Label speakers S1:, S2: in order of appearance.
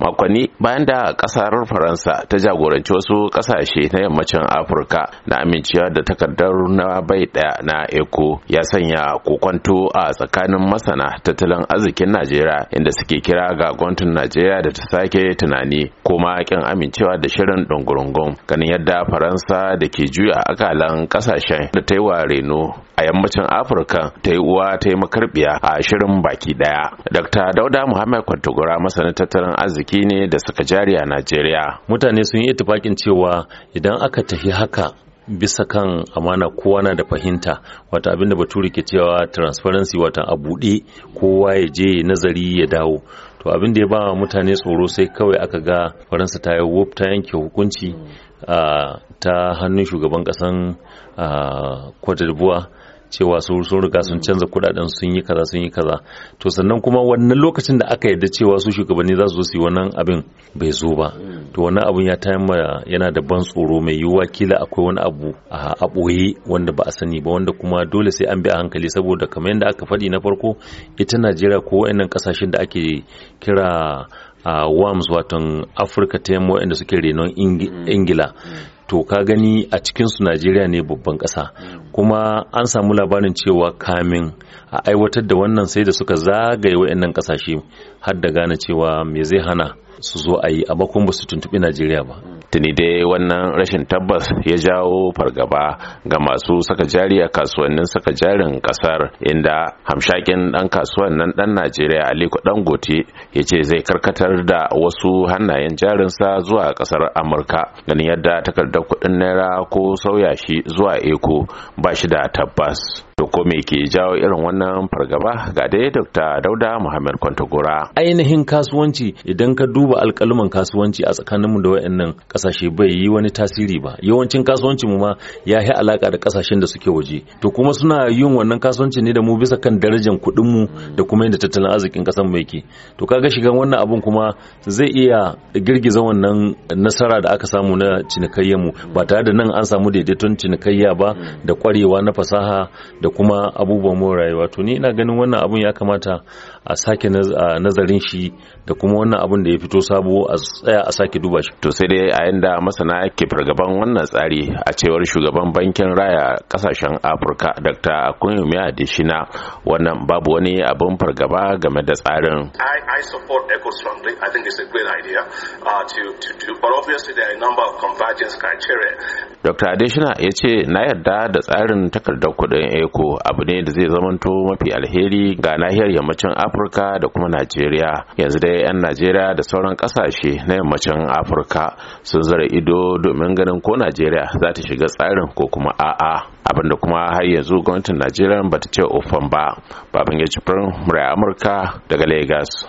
S1: makonni bayan da kasar faransa ta jagoranci wasu kasashe na yammacin afirka na amincewa da takardar na bai daya na eko, ya sanya kokwanto a tsakanin masana tattalin arzikin najeriya inda suke kira ga gwamnatin najeriya da ta sake tunani kuma kin amincewa da shirin dungurungun ganin yadda faransa da ke juya akalan kasashen da ta yi wa reno a yammacin afirka ta yi uwa ta yi makarbiya a shirin baki daya dr dauda muhammad kwantogora masanin tattalin
S2: arziki ne da suka jari a najeriya mutane sun yi itifakin cewa idan aka tafi haka bisa kan amana kowa na da fahimta wata abin da baturi ke cewa transparency wata a buɗe kowa ya je nazari ya dawo to abin da ya ba mutane tsoro sai kawai aka ga faransa ta yi wuf ta yanke hukunci ah, ta hannun shugaban ƙasan ah, cote buwa. cewa sun riga sun canza kudaden sun yi kaza sun yi kaza to sannan kuma wannan lokacin da aka yarda cewa su shugabanni za su zo su yi wannan abin bai zo ba to wannan abin ya ma yana da ban tsoro mai yiwuwa kila akwai wani abu a ɓoye wanda ba a sani ba wanda kuma dole sai an bi a hankali saboda kamar yadda aka faɗi na farko ita Najeriya ko wayannan kasashen da ake kira a uh, wams watan afirka ta yamma waɗanda suke renon ingila to ka gani a cikinsu najeriya ne babban ƙasa kuma an samu labarin cewa kamin a aiwatar da wannan sai da suka zagaye wayannan ƙasashe har da gane cewa me zai hana su zo a yi a bakon ba su tuntuɓi najeriya ba tuni dai wannan rashin tabbas ya
S1: jawo fargaba ga masu saka jari a kasuwannin saka jarin kasar inda hamshakin dan kasuwan nan dan najeriya aliko dangote ya ce zai karkatar da wasu hannayen jarinsa zuwa kasar amurka ganin yadda takardar kuɗin naira ko sauya shi zuwa eko ba shi da tabbas ko me ke jawo irin wannan fargaba ga dai Dr. Dauda Muhammad Kwantagora
S2: ainihin kasuwanci idan ka duba alƙaluman kasuwanci a tsakaninmu da wayannan kasashe bai yi wani tasiri ba yawancin kasuwanci mu ma ya yi alaka da kasashen da suke waje to kuma suna yin wannan kasuwanci ne da mu bisa kan darajar kuɗin mu da kuma yadda tattalin arzikin ƙasar mu yake to kaga shigan wannan abun kuma zai iya girgiza wannan nasara da aka samu na cinikayyar mu ba tare da nan an samu daidaiton cinikayya ba da kwarewa na fasaha da kuma abubuwan more rayuwa to ni ina ganin wannan abun ya kamata a sake nazarin shi da kuma wannan abin da ya fito sabo a tsaya a sake duba shi. To sai dai a yanda masana ke fargaban wannan tsari
S1: a cewar shugaban bankin raya kasashen Afirka Dr. Akunyumi Adeshina wannan babu wani abin fargaba game da tsarin.
S2: I support Ecos I think it's a
S1: great idea uh, to, to, to, but obviously a number of convergence criteria. Dr. Adeshina ya ce na yarda da tsarin takardar kuɗin eco abu ne da zai zamanto mafi alheri ga nahiyar yammacin Afirka afirka da kuma najeriya yanzu dai 'yan najeriya da sauran kasashe na yammacin afirka sun zara ido domin ganin ko najeriya za ta shiga tsarin ko kuma a'a abinda kuma har yanzu gwamnatin najeriya ba ta ce ofan ba baban ya ci murai amurka daga lagos